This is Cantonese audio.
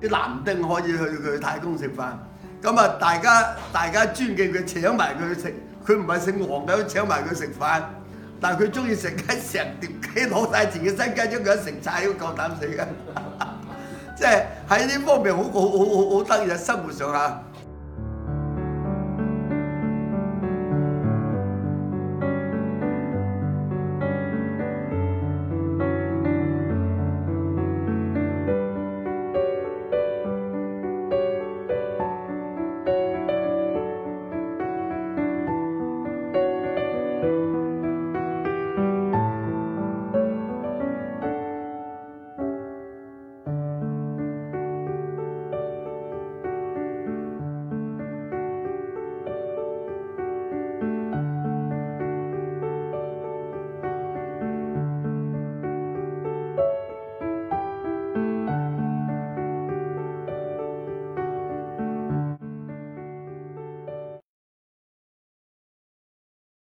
啲男丁可以去佢太公食飯，咁啊大家大家尊敬佢請埋佢去食，佢唔係姓王嘅都請埋佢食飯，但係佢中意食雞成碟雞攞晒，自己身雞將佢食晒，都夠膽死㗎，即係喺呢方面好好好好得意啊，生活上啊。